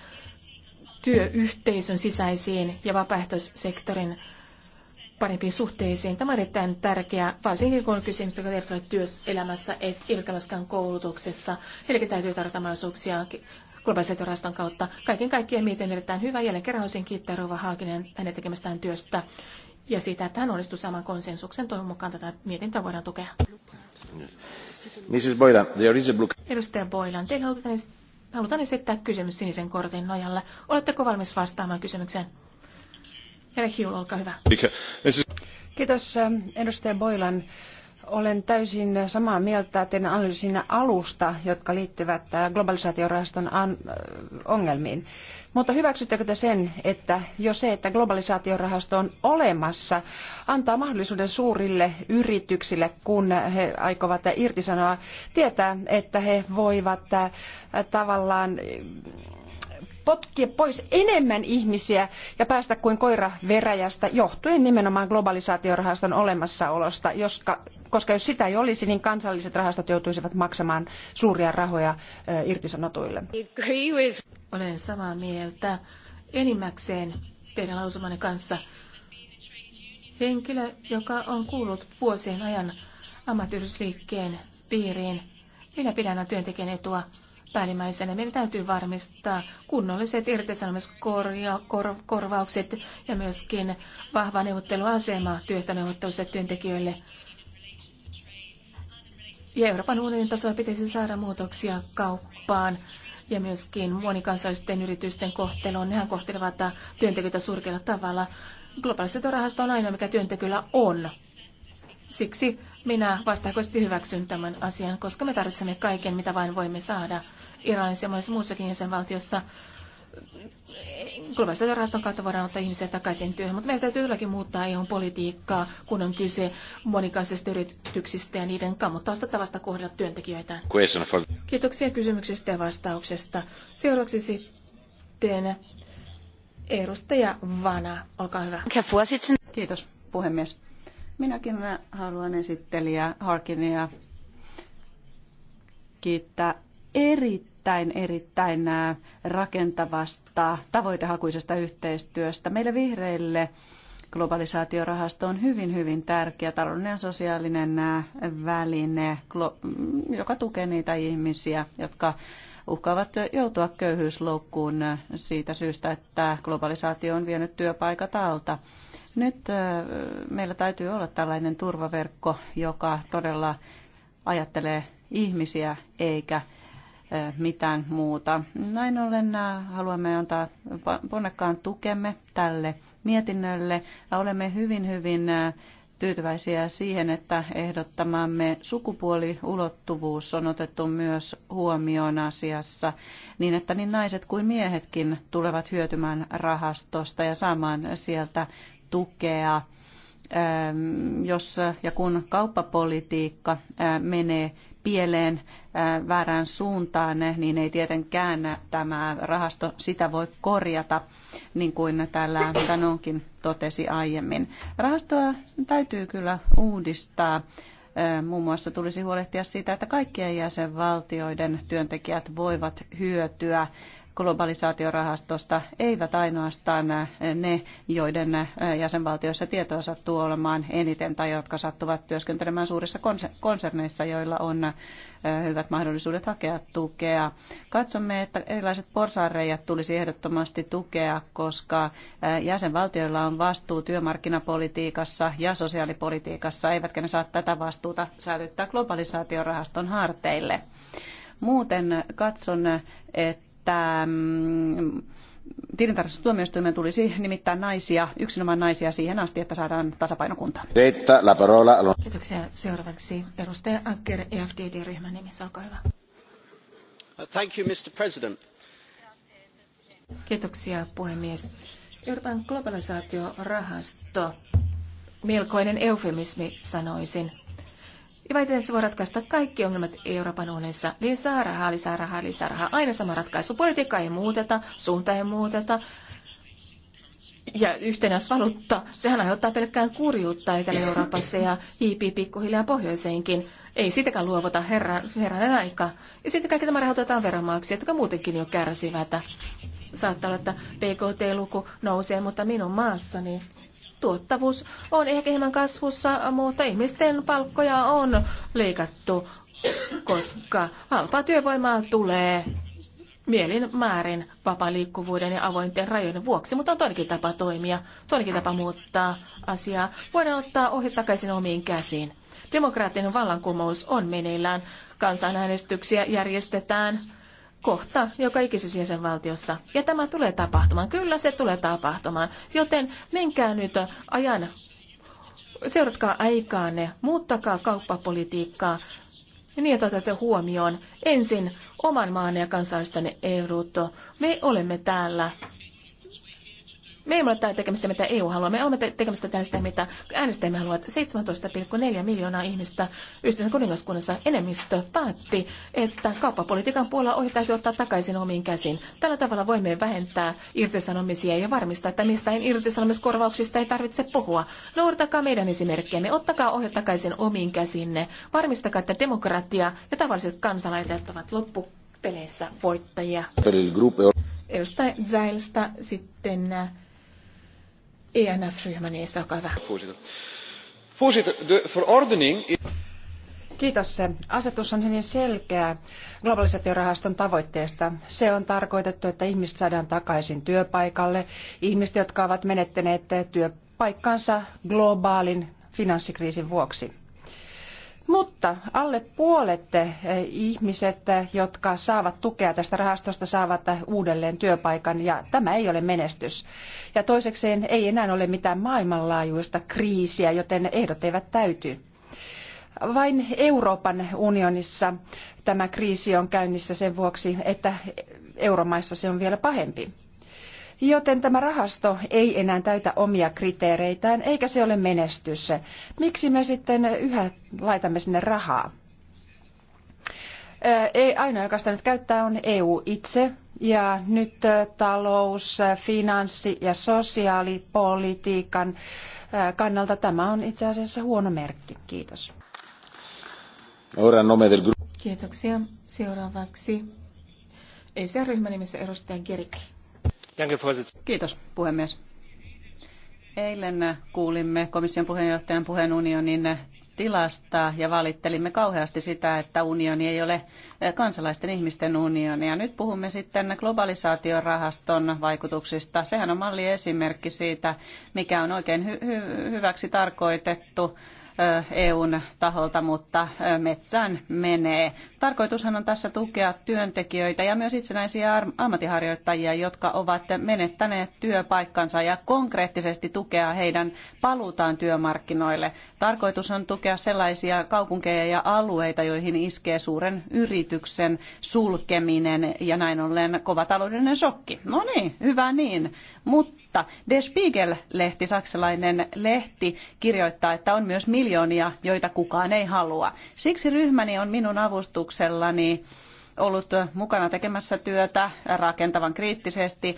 työyhteisön sisäisiin ja vapaaehtoissektorin parempiin suhteisiin. Tämä on erittäin tärkeää, varsinkin kun on kysymys, jotka eivät ole työelämässä, eivätkä myöskään koulutuksessa. Eli täytyy tarjota mahdollisuuksia globalisaatioraston kautta. Kaiken kaikkiaan mietin erittäin hyvä. Jälleen kerran haluaisin kiittää Rova Haakinen hänen tekemästään työstä ja siitä, että hän onnistui saamaan konsensuksen. Toivon mukaan tätä mietintöä voidaan tukea. Mrs. Boylan, there is a blue... Edustaja Boylan, teillä halutaan, halutaan esittää kysymys sinisen kortin nojalle. Oletteko valmis vastaamaan kysymykseen? Herra Hiul, olkaa hyvä. Kiitos eh, edustaja Boylan olen täysin samaa mieltä teidän analyysinä alusta, jotka liittyvät äh, globalisaatiorahaston äh, ongelmiin. Mutta hyväksyttekö te sen, että jo se, että globalisaatiorahasto on olemassa, antaa mahdollisuuden suurille yrityksille, kun he aikovat irtisanoa, tietää, että he voivat äh, tavallaan potkia pois enemmän ihmisiä ja päästä kuin koira veräjästä johtuen nimenomaan globalisaatiorahaston olemassaolosta, joska koska jos sitä ei olisi, niin kansalliset rahastot joutuisivat maksamaan suuria rahoja irtisanotuille. Olen samaa mieltä enimmäkseen teidän lausumanne kanssa. Henkilö, joka on kuullut vuosien ajan ammattiyhdysliikkeen piiriin, minä pidän työntekijän etua päällimmäisenä. Meidän täytyy varmistaa kunnolliset irtisanomiskorvaukset ja myöskin vahva neuvotteluasema työhtöneuvottelussa työntekijöille. Ja Euroopan unionin tasolla pitäisi saada muutoksia kauppaan ja myöskin monikansallisten yritysten kohteluun. Nehän kohtelevat työntekijöitä surkealla tavalla. rahasta on aina, mikä työntekijöillä on. Siksi minä vastaakoisesti hyväksyn tämän asian, koska me tarvitsemme kaiken, mitä vain voimme saada. Iranissa ja monissa muussakin jäsenvaltiossa Globaalisen rahaston kautta voidaan ottaa ihmisiä takaisin työhön, mutta meidän täytyy todellakin muuttaa EUn politiikkaa, kun on kyse monikansallisista yrityksistä ja niiden kammottavasta tavasta kohdella työntekijöitä. Kiitoksia kysymyksistä ja vastauksesta. Seuraavaksi sitten edustaja Vana, olkaa hyvä. Kiitos puhemies. Minäkin haluan esittelijä Harkinia kiittää erittäin erittäin, erittäin rakentavasta, tavoitehakuisesta yhteistyöstä. Meille vihreille globalisaatiorahasto on hyvin, hyvin tärkeä taloudellinen ja sosiaalinen väline, mm, joka tukee niitä ihmisiä, jotka uhkaavat joutua köyhyysloukkuun siitä syystä, että globalisaatio on vienyt työpaikat alta. Nyt meillä täytyy olla tällainen turvaverkko, joka todella ajattelee ihmisiä eikä mitään muuta. Näin ollen haluamme antaa ponnekkaan tukemme tälle mietinnölle. Olemme hyvin, hyvin tyytyväisiä siihen, että ehdottamamme sukupuoliulottuvuus on otettu myös huomioon asiassa niin, että niin naiset kuin miehetkin tulevat hyötymään rahastosta ja saamaan sieltä tukea. Jos ja kun kauppapolitiikka menee pieleen väärään suuntaan, niin ei tietenkään tämä rahasto sitä voi korjata, niin kuin täällä Danonkin totesi aiemmin. Rahastoa täytyy kyllä uudistaa. Muun muassa tulisi huolehtia siitä, että kaikkien jäsenvaltioiden työntekijät voivat hyötyä globalisaatiorahastosta eivät ainoastaan ne, joiden jäsenvaltioissa tietoa sattuu olemaan eniten tai jotka sattuvat työskentelemään suurissa konserneissa, joilla on hyvät mahdollisuudet hakea tukea. Katsomme, että erilaiset porsaanreijat tulisi ehdottomasti tukea, koska jäsenvaltioilla on vastuu työmarkkinapolitiikassa ja sosiaalipolitiikassa, eivätkä ne saa tätä vastuuta säilyttää globalisaatiorahaston harteille. Muuten katson, että että mm, tilintarkastustuomioistuimeen tulisi nimittää naisia, yksinomaan naisia siihen asti, että saadaan tasapaino kuntoon. Kiitoksia. Seuraavaksi edustaja Acker, EFDD-ryhmän nimissä, olkaa hyvä. Uh, thank you, Mr. President. Kiitoksia, puhemies. Euroopan globalisaatiorahasto, melkoinen eufemismi sanoisin. Ja väitän, että se voi ratkaista kaikki ongelmat Euroopan unionissa. Lisää rahaa, lisää rahaa, lisää rahaa. Aina sama ratkaisu. Politiikka ei muuteta, suunta ei muuteta. Ja yhtenäisvaluutta, sehän aiheuttaa pelkkää kurjuutta Etelä-Euroopassa ja hiipii pikkuhiljaa pohjoiseenkin. Ei sitäkään luovuta herran, herranen aika. Ja sitten kaikki tämä rahoitetaan veronmaksajat, jotka muutenkin jo kärsivät. Saattaa olla, että PKT-luku nousee, mutta minun maassani tuottavuus on ehkä hieman kasvussa, mutta ihmisten palkkoja on leikattu, koska halpaa työvoimaa tulee mielin määrin vapaan liikkuvuuden ja avointen rajojen vuoksi, mutta on toinenkin tapa toimia, toinenkin tapa muuttaa asiaa. Voidaan ottaa ohi takaisin omiin käsiin. Demokraattinen vallankumous on meneillään. Kansanäänestyksiä järjestetään kohta joka ikisessä jäsenvaltiossa. Ja tämä tulee tapahtumaan. Kyllä se tulee tapahtumaan. Joten menkää nyt ajan, seuratkaa aikaanne, muuttakaa kauppapolitiikkaa niin, että otatte huomioon ensin oman maanne ja kansalaistenne edut. Me olemme täällä me emme ole täällä tekemistä, mitä EU haluaa. Me olemme tekemistä täällä sitä, mitä äänestäjämme haluavat. 17,4 miljoonaa ihmistä yhdistyneen kuningaskunnassa enemmistö päätti, että kauppapolitiikan puolella ohi täytyy ottaa takaisin omiin käsiin. Tällä tavalla voimme vähentää irtisanomisia ja varmistaa, että mistään irtisanomiskorvauksista ei tarvitse puhua. Noudatakaa meidän esimerkkiämme. Ottakaa ohi takaisin omiin käsinne. Varmistakaa, että demokratia ja tavalliset kansalaiset ovat loppupeleissä voittajia. E Edustaja Zailsta sitten enf de verordening... Kiitos. Asetus on hyvin selkeä globalisaatiorahaston tavoitteesta. Se on tarkoitettu, että ihmiset saadaan takaisin työpaikalle. Ihmiset, jotka ovat menettäneet työpaikkansa globaalin finanssikriisin vuoksi. Mutta alle puolet eh, ihmiset, eh, jotka saavat tukea tästä rahastosta, saavat eh, uudelleen työpaikan ja tämä ei ole menestys. Ja toisekseen ei enää ole mitään maailmanlaajuista kriisiä, joten ehdot eivät täyty. Vain Euroopan unionissa tämä kriisi on käynnissä sen vuoksi, että euromaissa se on vielä pahempi joten tämä rahasto ei enää täytä omia kriteereitään eikä se ole menestys. Miksi me sitten yhä laitamme sinne rahaa? Ei, ainoa, joka sitä nyt käyttää, on EU itse. Ja nyt talous, finanssi ja sosiaalipolitiikan kannalta tämä on itse asiassa huono merkki. Kiitos. Kiitoksia. Seuraavaksi ESR-ryhmän nimessä edustaja Gericke. Kiitos puhemies. Eilen kuulimme komission puheenjohtajan puheen unionin tilasta ja valittelimme kauheasti sitä, että unioni ei ole kansalaisten ihmisten unioni. nyt puhumme sitten globalisaatiorahaston vaikutuksista. Sehän on malliesimerkki siitä, mikä on oikein hyväksi tarkoitettu EUn taholta, mutta metsään menee. Tarkoitushan on tässä tukea työntekijöitä ja myös itsenäisiä ammattiharjoittajia, jotka ovat menettäneet työpaikkansa ja konkreettisesti tukea heidän paluutaan työmarkkinoille. Tarkoitus on tukea sellaisia kaupunkeja ja alueita, joihin iskee suuren yrityksen sulkeminen ja näin ollen kova taloudellinen shokki. No niin, hyvä niin. Mutta mutta Der Spiegel-lehti, saksalainen lehti, kirjoittaa, että on myös miljoonia, joita kukaan ei halua. Siksi ryhmäni on minun avustuksellani ollut mukana tekemässä työtä rakentavan kriittisesti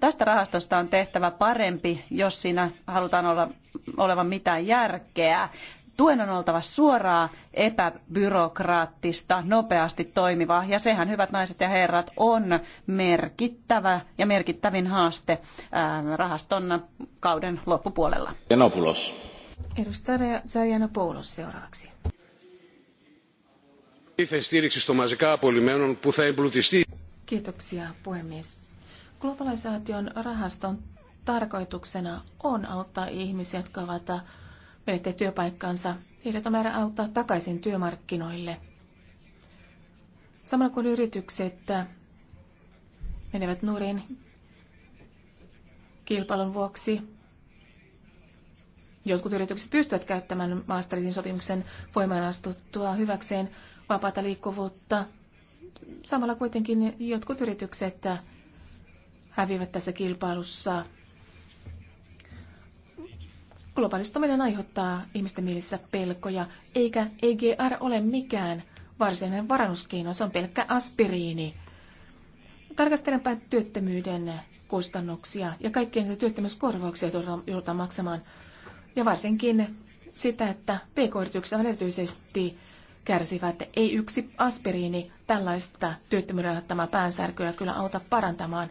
tästä rahastosta on tehtävä parempi, jos siinä halutaan olla, olevan mitään järkeä. Tuen on oltava suoraa, epäbyrokraattista, nopeasti toimivaa ja sehän, hyvät naiset ja herrat, on merkittävä ja merkittävin haaste rahaston kauden loppupuolella. Janopulos. Edustaja Zajanopoulos seuraavaksi. Kiitoksia puhemies. Globalisaation rahaston tarkoituksena on auttaa ihmisiä, jotka ovat menette työpaikkansa, heidät on määrä auttaa takaisin työmarkkinoille. Samalla kun yritykset menevät nurin kilpailun vuoksi, jotkut yritykset pystyvät käyttämään Maastrichtin sopimuksen voimaan astuttua hyväkseen vapaata liikkuvuutta. Samalla kuitenkin jotkut yritykset häviävät tässä kilpailussa Globalistuminen aiheuttaa ihmisten mielissä pelkoja, eikä EGR ole mikään varsinainen varannuskeino, se on pelkkä aspiriini. Tarkastelenpä työttömyyden kustannuksia ja kaikkien niitä työttömyyskorvauksia joudutaan maksamaan. Ja varsinkin sitä, että pk-yritykset erityisesti kärsivät, ei yksi aspiriini tällaista työttömyyden aiheuttamaa päänsärkyä kyllä auta parantamaan.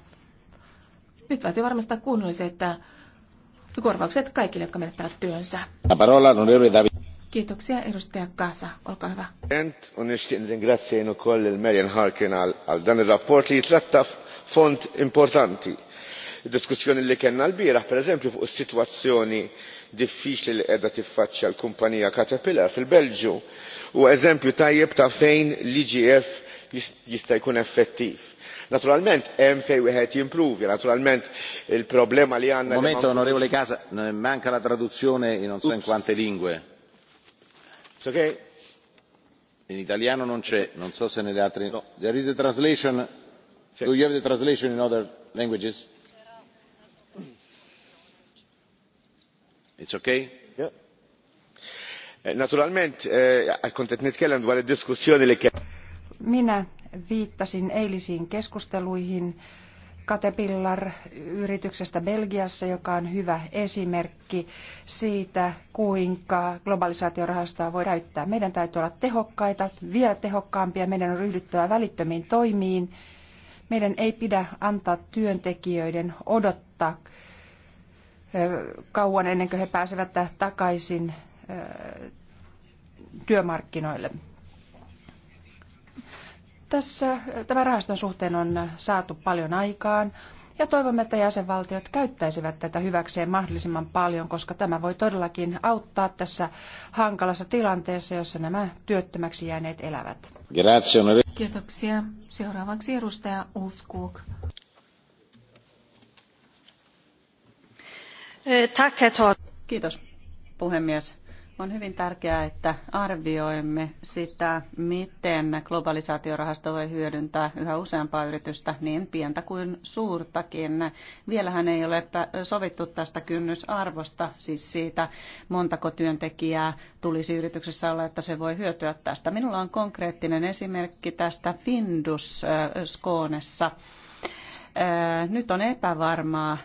Nyt täytyy varmistaa että korvaukset kaikille, jotka menettävät työnsä. Kiitoksia edustaja Kasa. Olkaa hyvä. fond importanti. Diskussjoni li kellna l bira per eżempju, fuq situazzjoni diffiċli li edha tiffaċċja l-kumpanija Caterpillar fil belġu u eżempju tajjeb ta' fejn l-IGF jista' jkun effettiv Naturalment hemm fejn wieħed jimprovja, naturalment il-problema li għandna. Momento onorevole Casa, manca la traduzione in non so in quante lingue. It's okay. In italiano non c'è, non so se nelle altre. No. There is a translation. Do you have the translation in other languages? It's okay? Yeah. Naturalment, għal eh, kontet eh, nitkellem dwar id-diskussjoni li kien viittasin eilisiin keskusteluihin Caterpillar-yrityksestä Belgiassa, joka on hyvä esimerkki siitä, kuinka globalisaatiorahastoa voi käyttää. Meidän täytyy olla tehokkaita, vielä tehokkaampia, meidän on ryhdyttävä välittömiin toimiin. Meidän ei pidä antaa työntekijöiden odottaa kauan ennen kuin he pääsevät takaisin työmarkkinoille tässä tämän rahaston suhteen on saatu paljon aikaan ja toivomme, että jäsenvaltiot käyttäisivät tätä hyväkseen mahdollisimman paljon, koska tämä voi todellakin auttaa tässä hankalassa tilanteessa, jossa nämä työttömäksi jääneet elävät. Kiitoksia. Seuraavaksi edustaja Ulskuk. Eh, Kiitos puhemies on hyvin tärkeää, että arvioimme sitä, miten globalisaatiorahasto voi hyödyntää yhä useampaa yritystä, niin pientä kuin suurtakin. Vielähän ei ole sovittu tästä kynnysarvosta, siis siitä montako työntekijää tulisi yrityksessä olla, että se voi hyötyä tästä. Minulla on konkreettinen esimerkki tästä Findus Skoonessa. Äh, nyt on epävarmaa,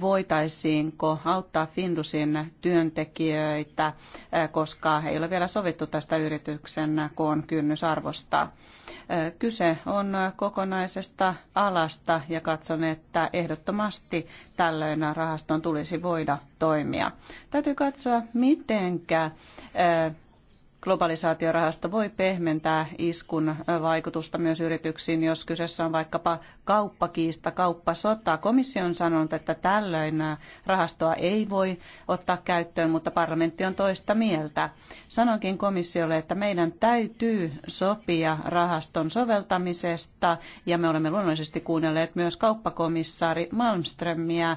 voitaisiinko auttaa Findusin työntekijöitä, äh, koska ei ole vielä sovittu tästä yrityksen koon kynnysarvosta. Äh, kyse on kokonaisesta alasta ja katson, että ehdottomasti tällöin rahaston tulisi voida toimia. Täytyy katsoa, mitenkä globalisaatiorahasto voi pehmentää iskun vaikutusta myös yrityksiin, jos kyseessä on vaikkapa kauppakiista, kauppasota. Komissio on sanonut, että tällöin rahastoa ei voi ottaa käyttöön, mutta parlamentti on toista mieltä. Sanonkin komissiolle, että meidän täytyy sopia rahaston soveltamisesta ja me olemme luonnollisesti kuunnelleet myös kauppakomissaari Malmströmiä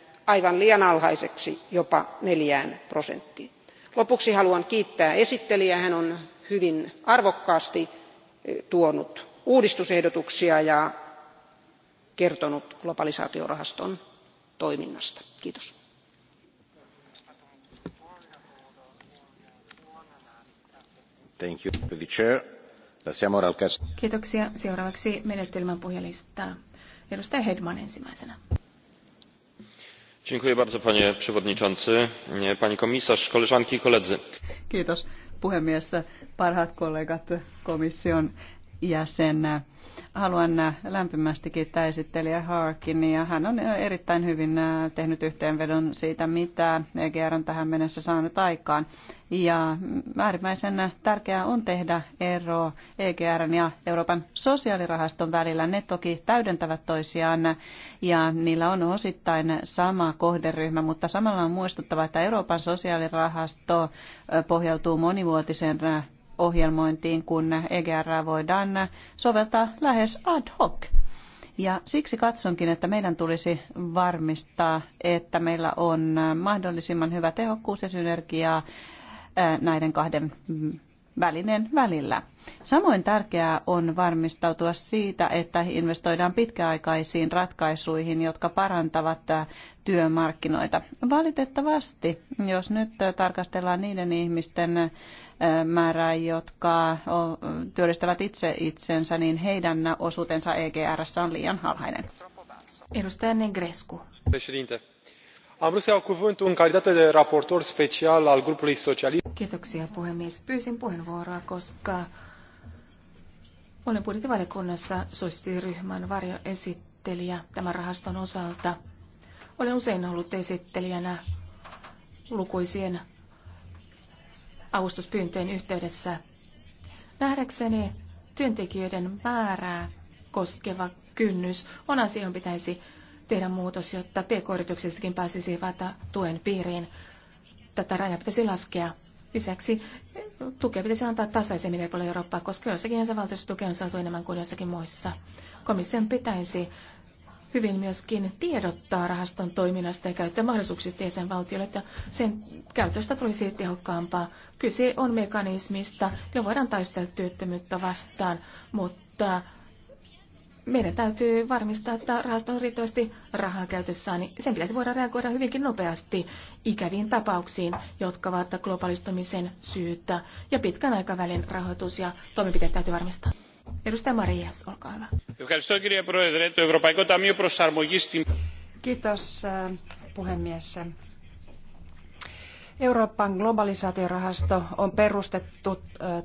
aivan liian alhaiseksi jopa neljään prosenttiin. lopuksi haluan kiittää esittelijää hän on hyvin arvokkaasti eh, tuonut uudistusehdotuksia ja kertonut globalisaatiorahaston toiminnasta. kiitos. Kiitoksia. Seuraavaksi menettelmän puhujalistaa. Edustaja Hedman ensimmäisenä panie przewodniczący pani komisarz koleżanki i koledzy! parhaat kollegat komission jäsen jäsen. Haluan lämpimästi kiittää esittelijä Harkin ja Hän on erittäin hyvin äh, tehnyt yhteenvedon siitä, mitä EGR on tähän mennessä saanut aikaan. Ja äärimmäisen tärkeää on tehdä ero EGR ja Euroopan sosiaalirahaston välillä. Ne toki täydentävät toisiaan ja niillä on osittain sama kohderyhmä, mutta samalla on muistuttava, että Euroopan sosiaalirahasto äh, pohjautuu monivuotiseen äh, ohjelmointiin, kun EGR voidaan soveltaa lähes ad hoc. Ja siksi katsonkin, että meidän tulisi varmistaa, että meillä on mahdollisimman hyvä tehokkuus ja synergiaa näiden kahden välinen välillä. Samoin tärkeää on varmistautua siitä, että investoidaan pitkäaikaisiin ratkaisuihin, jotka parantavat äh, työmarkkinoita. Valitettavasti, jos nyt äh, tarkastellaan niiden ihmisten äh, määrää, jotka työllistävät itse itsensä, niin heidän osuutensa EGR on liian alhainen. Edustaja Negrescu. Președinte, am vrut să iau cuvântul în calitate de raportor special al grupului socialist Kiitoksia puhemies. Pyysin puheenvuoroa, koska olen budjettivaliokunnassa suosittiryhmän varjoesittelijä tämän rahaston osalta. Olen usein ollut esittelijänä lukuisien avustuspyyntöjen yhteydessä. Nähdäkseni työntekijöiden määrää koskeva kynnys on asia, johon pitäisi tehdä muutos, jotta pk-yrityksistäkin pääsisivät tuen piiriin. Tätä rajaa pitäisi laskea. Lisäksi tukea pitäisi antaa tasaisemmin eri Eurooppaa, koska joissakin jäsenvaltioissa tukea on saatu enemmän kuin joissakin muissa. Komission pitäisi hyvin myöskin tiedottaa rahaston toiminnasta ja mahdollisuuksista jäsenvaltioille, että sen käytöstä tulisi tehokkaampaa. Kyse on mekanismista, jolla voidaan taistella työttömyyttä vastaan, mutta meidän täytyy varmistaa, että rahasta on riittävästi rahaa käytössään, niin sen pitäisi voida reagoida hyvinkin nopeasti ikäviin tapauksiin, jotka ovat globalistumisen syytä ja pitkän aikavälin rahoitus ja toimenpiteet täytyy varmistaa. Edustaja Marias, olkaa hyvä. Kiitos puhemies. Euroopan globalisaatiorahasto on perustettu äh,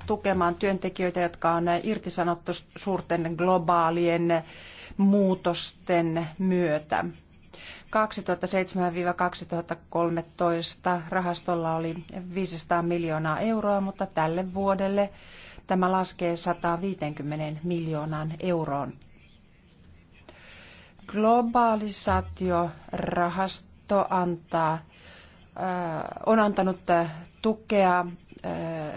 tukemaan työntekijöitä, jotka on irtisanottu suurten globaalien muutosten myötä. 2007-2013 rahastolla oli 500 miljoonaa euroa, mutta tälle vuodelle tämä laskee 150 miljoonaan euroon. Globalisaatiorahasto antaa Äh, on antanut äh, tukea äh,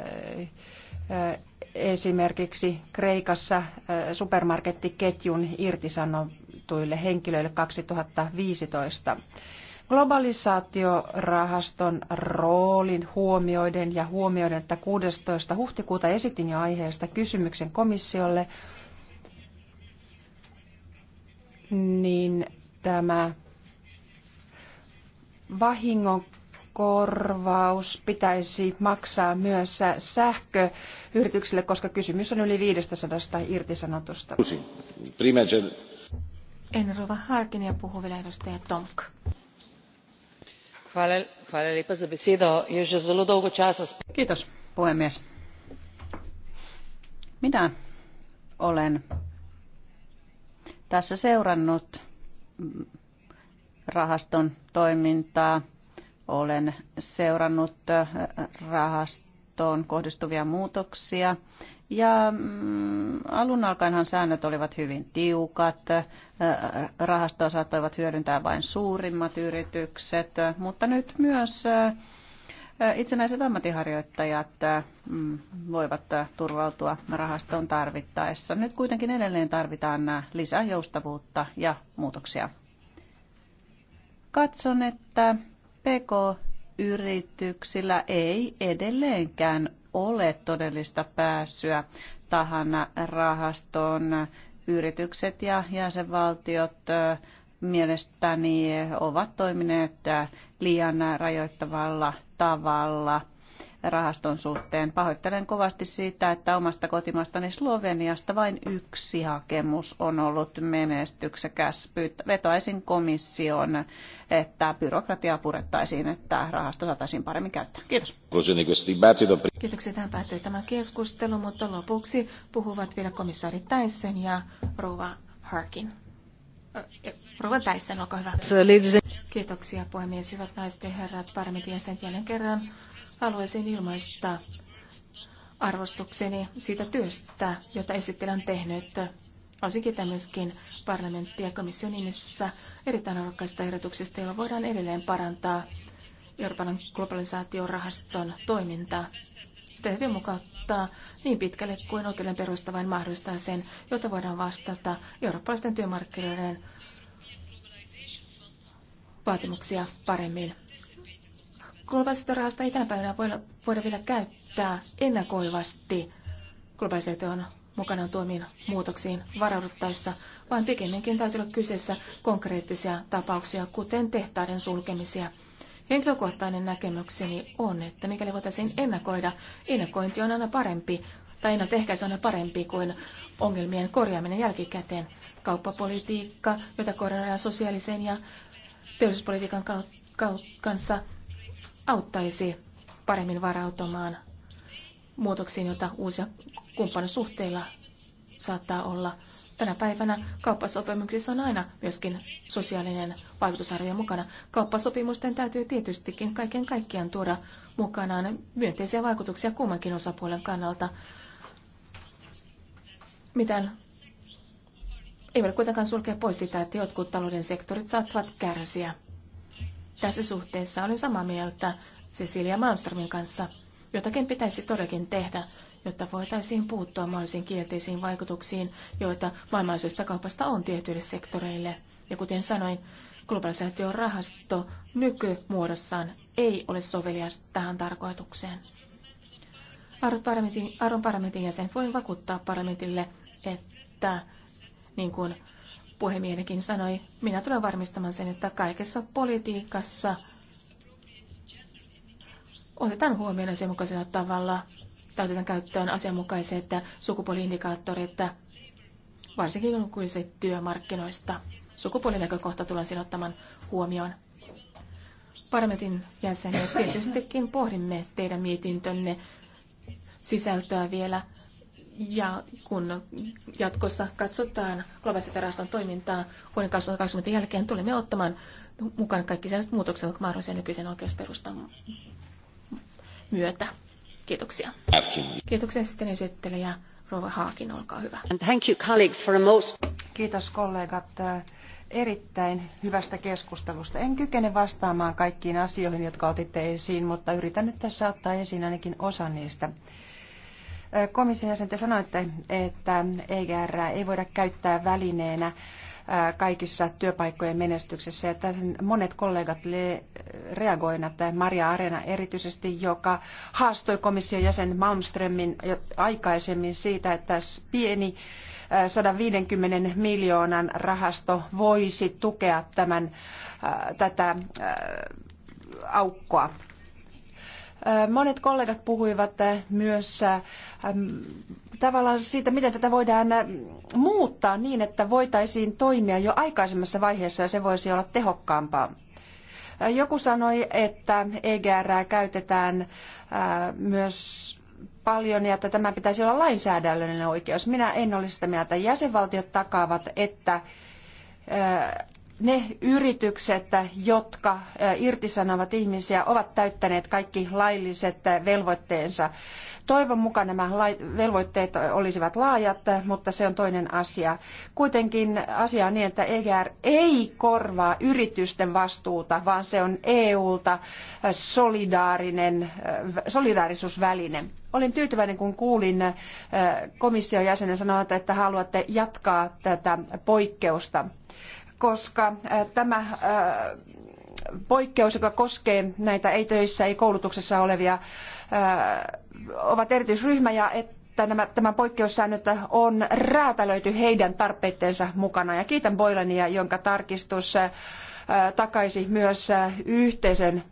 esimerkiksi Kreikassa supermarkettiketjun irtisanotuille henkilöille 2015. Globalisaatiorahaston roolin huomioiden ja huomioiden, että 16. huhtikuuta esitin jo aiheesta kysymyksen komissiolle, niin tämä vahingon korvaus pitäisi maksaa myös sähköyrityksille, koska kysymys on yli 500 irtisanotusta. En rova Harkin ja puhuu vielä edustaja Tomk. Kiitos puhemies. Minä olen tässä seurannut mm, rahaston toimintaa olen seurannut äh, rahastoon kohdistuvia muutoksia ja mm, alun alkaenhan säännöt olivat hyvin tiukat, äh, rahastoa saattoivat hyödyntää vain suurimmat yritykset, äh, mutta nyt myös itsenäiset ammattiharjoittajat mm, voivat turvautua rahastoon tarvittaessa. Nyt kuitenkin edelleen tarvitaan lisää joustavuutta ja muutoksia. Katson, että PK-yrityksillä ei edelleenkään ole todellista pääsyä tähän rahastoon. Yritykset ja jäsenvaltiot mielestäni ovat toimineet liian rajoittavalla tavalla – rahaston suhteen. Pahoittelen kovasti siitä, että omasta kotimaastani Sloveniasta vain yksi hakemus on ollut menestyksekäs. Vetoaisin komission, että byrokratiaa purettaisiin, että rahasto saataisiin paremmin käyttää. Kiitos. Kiitoksia. Tähän päättyy tämä keskustelu, mutta lopuksi puhuvat vielä komissaari Tyson ja Rova Harkin. E, Rova Tyson, olkaa hyvä. Kiitoksia puhemies, hyvät naiset ja herrat, parlamentin jäsenet jälleen kerran haluaisin ilmaista arvostukseni siitä työstä, jota esittelen on tehnyt. Haluaisin kiittää myöskin parlamentti- ja komission nimissä erittäin arvokkaista ehdotuksista, joilla voidaan edelleen parantaa Euroopan globalisaatiorahaston toimintaa. Sitä täytyy mukauttaa niin pitkälle kuin oikeuden perusta vain mahdollistaa sen, jota voidaan vastata eurooppalaisten työmarkkinoiden vaatimuksia paremmin. Globaalista rahasta ei tänä päivänä voida, voida vielä käyttää ennakoivasti on mukanaan tuomiin muutoksiin varauduttaessa, vaan pikemminkin täytyy olla kyseessä konkreettisia tapauksia, kuten tehtaiden sulkemisia. Henkilökohtainen näkemykseni on, että mikäli voitaisiin ennakoida, ennakointi on aina parempi, tai ennaltaehkäisy on aina parempi kuin ongelmien korjaaminen jälkikäteen. Kauppapolitiikka, jota korjataan sosiaalisen ja teollisuuspolitiikan kanssa, auttaisi paremmin varautumaan muutoksiin, joita uusia kumppanisuhteilla saattaa olla. Tänä päivänä kauppasopimuksissa on aina myöskin sosiaalinen vaikutusarvio mukana. Kauppasopimusten täytyy tietystikin kaiken kaikkiaan tuoda mukanaan myönteisiä vaikutuksia kummankin osapuolen kannalta. Mitään ei voi kuitenkaan sulkea pois sitä, että jotkut talouden sektorit saattavat kärsiä tässä suhteessa olen samaa mieltä Cecilia Malmströmin kanssa. Jotakin pitäisi todellakin tehdä, jotta voitaisiin puuttua mahdollisiin kielteisiin vaikutuksiin, joita maailmansyistä kaupasta on tietyille sektoreille. Ja kuten sanoin, globalisaation rahasto nykymuodossaan ei ole sovelias tähän tarkoitukseen. Arvon parlamentin, arvon parlamentin jäsen voin vakuuttaa parlamentille, että niin kuin puhemiehenkin sanoi, minä tulen varmistamaan sen, että kaikessa politiikassa otetaan huomioon asianmukaisella tavalla tai otetaan käyttöön asianmukaiset sukupuoliindikaattorit, varsinkin kun kyse työmarkkinoista. Sukupuolinäkökohta tullaan siinä ottamaan huomioon. Parlamentin jäsenet, tietystikin pohdimme teidän mietintönne sisältöä vielä ja kun jatkossa katsotaan globaalisen toimintaa vuoden 2020 jälkeen, tulemme ottamaan mukaan kaikki sellaiset muutokset, jotka mahdollisia nykyisen oikeusperustan myötä. Kiitoksia. Kiitoksia sitten esittelijä Rova Haakin, olkaa hyvä. And thank you colleagues for a most... Kiitos kollegat erittäin hyvästä keskustelusta. En kykene vastaamaan kaikkiin asioihin, jotka otitte esiin, mutta yritän nyt tässä ottaa esiin ainakin osa niistä. Komission jäsen, te sanoitte, että EGR ei voida käyttää välineenä kaikissa työpaikkojen menestyksessä. Ja monet kollegat reagoivat, Maria Arena erityisesti, joka haastoi komission jäsen Malmströmin aikaisemmin siitä, että pieni 150 miljoonan rahasto voisi tukea tämän, tätä aukkoa. Monet kollegat puhuivat myös tavallaan siitä, miten tätä voidaan muuttaa niin, että voitaisiin toimia jo aikaisemmassa vaiheessa ja se voisi olla tehokkaampaa. Joku sanoi, että EGR käytetään myös paljon ja että tämä pitäisi olla lainsäädännöllinen oikeus. Minä en ole sitä mieltä. Jäsenvaltiot takaavat, että ne yritykset, jotka irtisanovat ihmisiä, ovat täyttäneet kaikki lailliset velvoitteensa. Toivon mukaan nämä velvoitteet olisivat laajat, mutta se on toinen asia. Kuitenkin asia on niin, että EGR ei korvaa yritysten vastuuta, vaan se on EUlta solidaarinen, solidaarisuusväline. Olin tyytyväinen, kun kuulin komission jäsenen sanoa, että haluatte jatkaa tätä poikkeusta koska tämä poikkeus, joka koskee näitä ei töissä, ei koulutuksessa olevia, ovat erityisryhmä ja että nämä, tämä poikkeussäännöt on räätälöity heidän tarpeitteensa mukana. Ja kiitän Boylania, jonka tarkistus takaisi myös yhteisön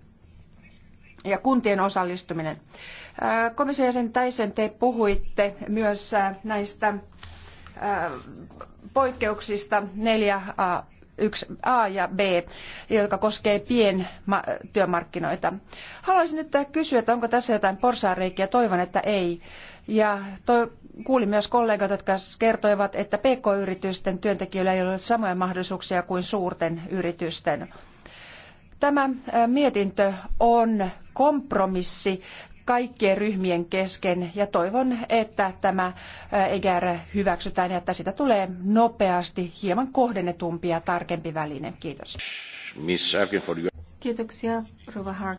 ja kuntien osallistuminen. Komission jäsen Täisen, te puhuitte myös näistä poikkeuksista 4a yksi A ja B, joka koskee pientyömarkkinoita. Haluaisin nyt kysyä, että onko tässä jotain porsaanreikiä. Toivon, että ei. Ja toi, kuulin myös kollegat, jotka kertoivat, että PK-yritysten työntekijöillä ei ole samoja mahdollisuuksia kuin suurten yritysten. Tämä mietintö on kompromissi kaikkien ryhmien kesken ja toivon, että tämä EGR hyväksytään ja että sitä tulee nopeasti hieman kohdennetumpi ja tarkempi väline. Kiitos. Kiitoksia, Rova Hark.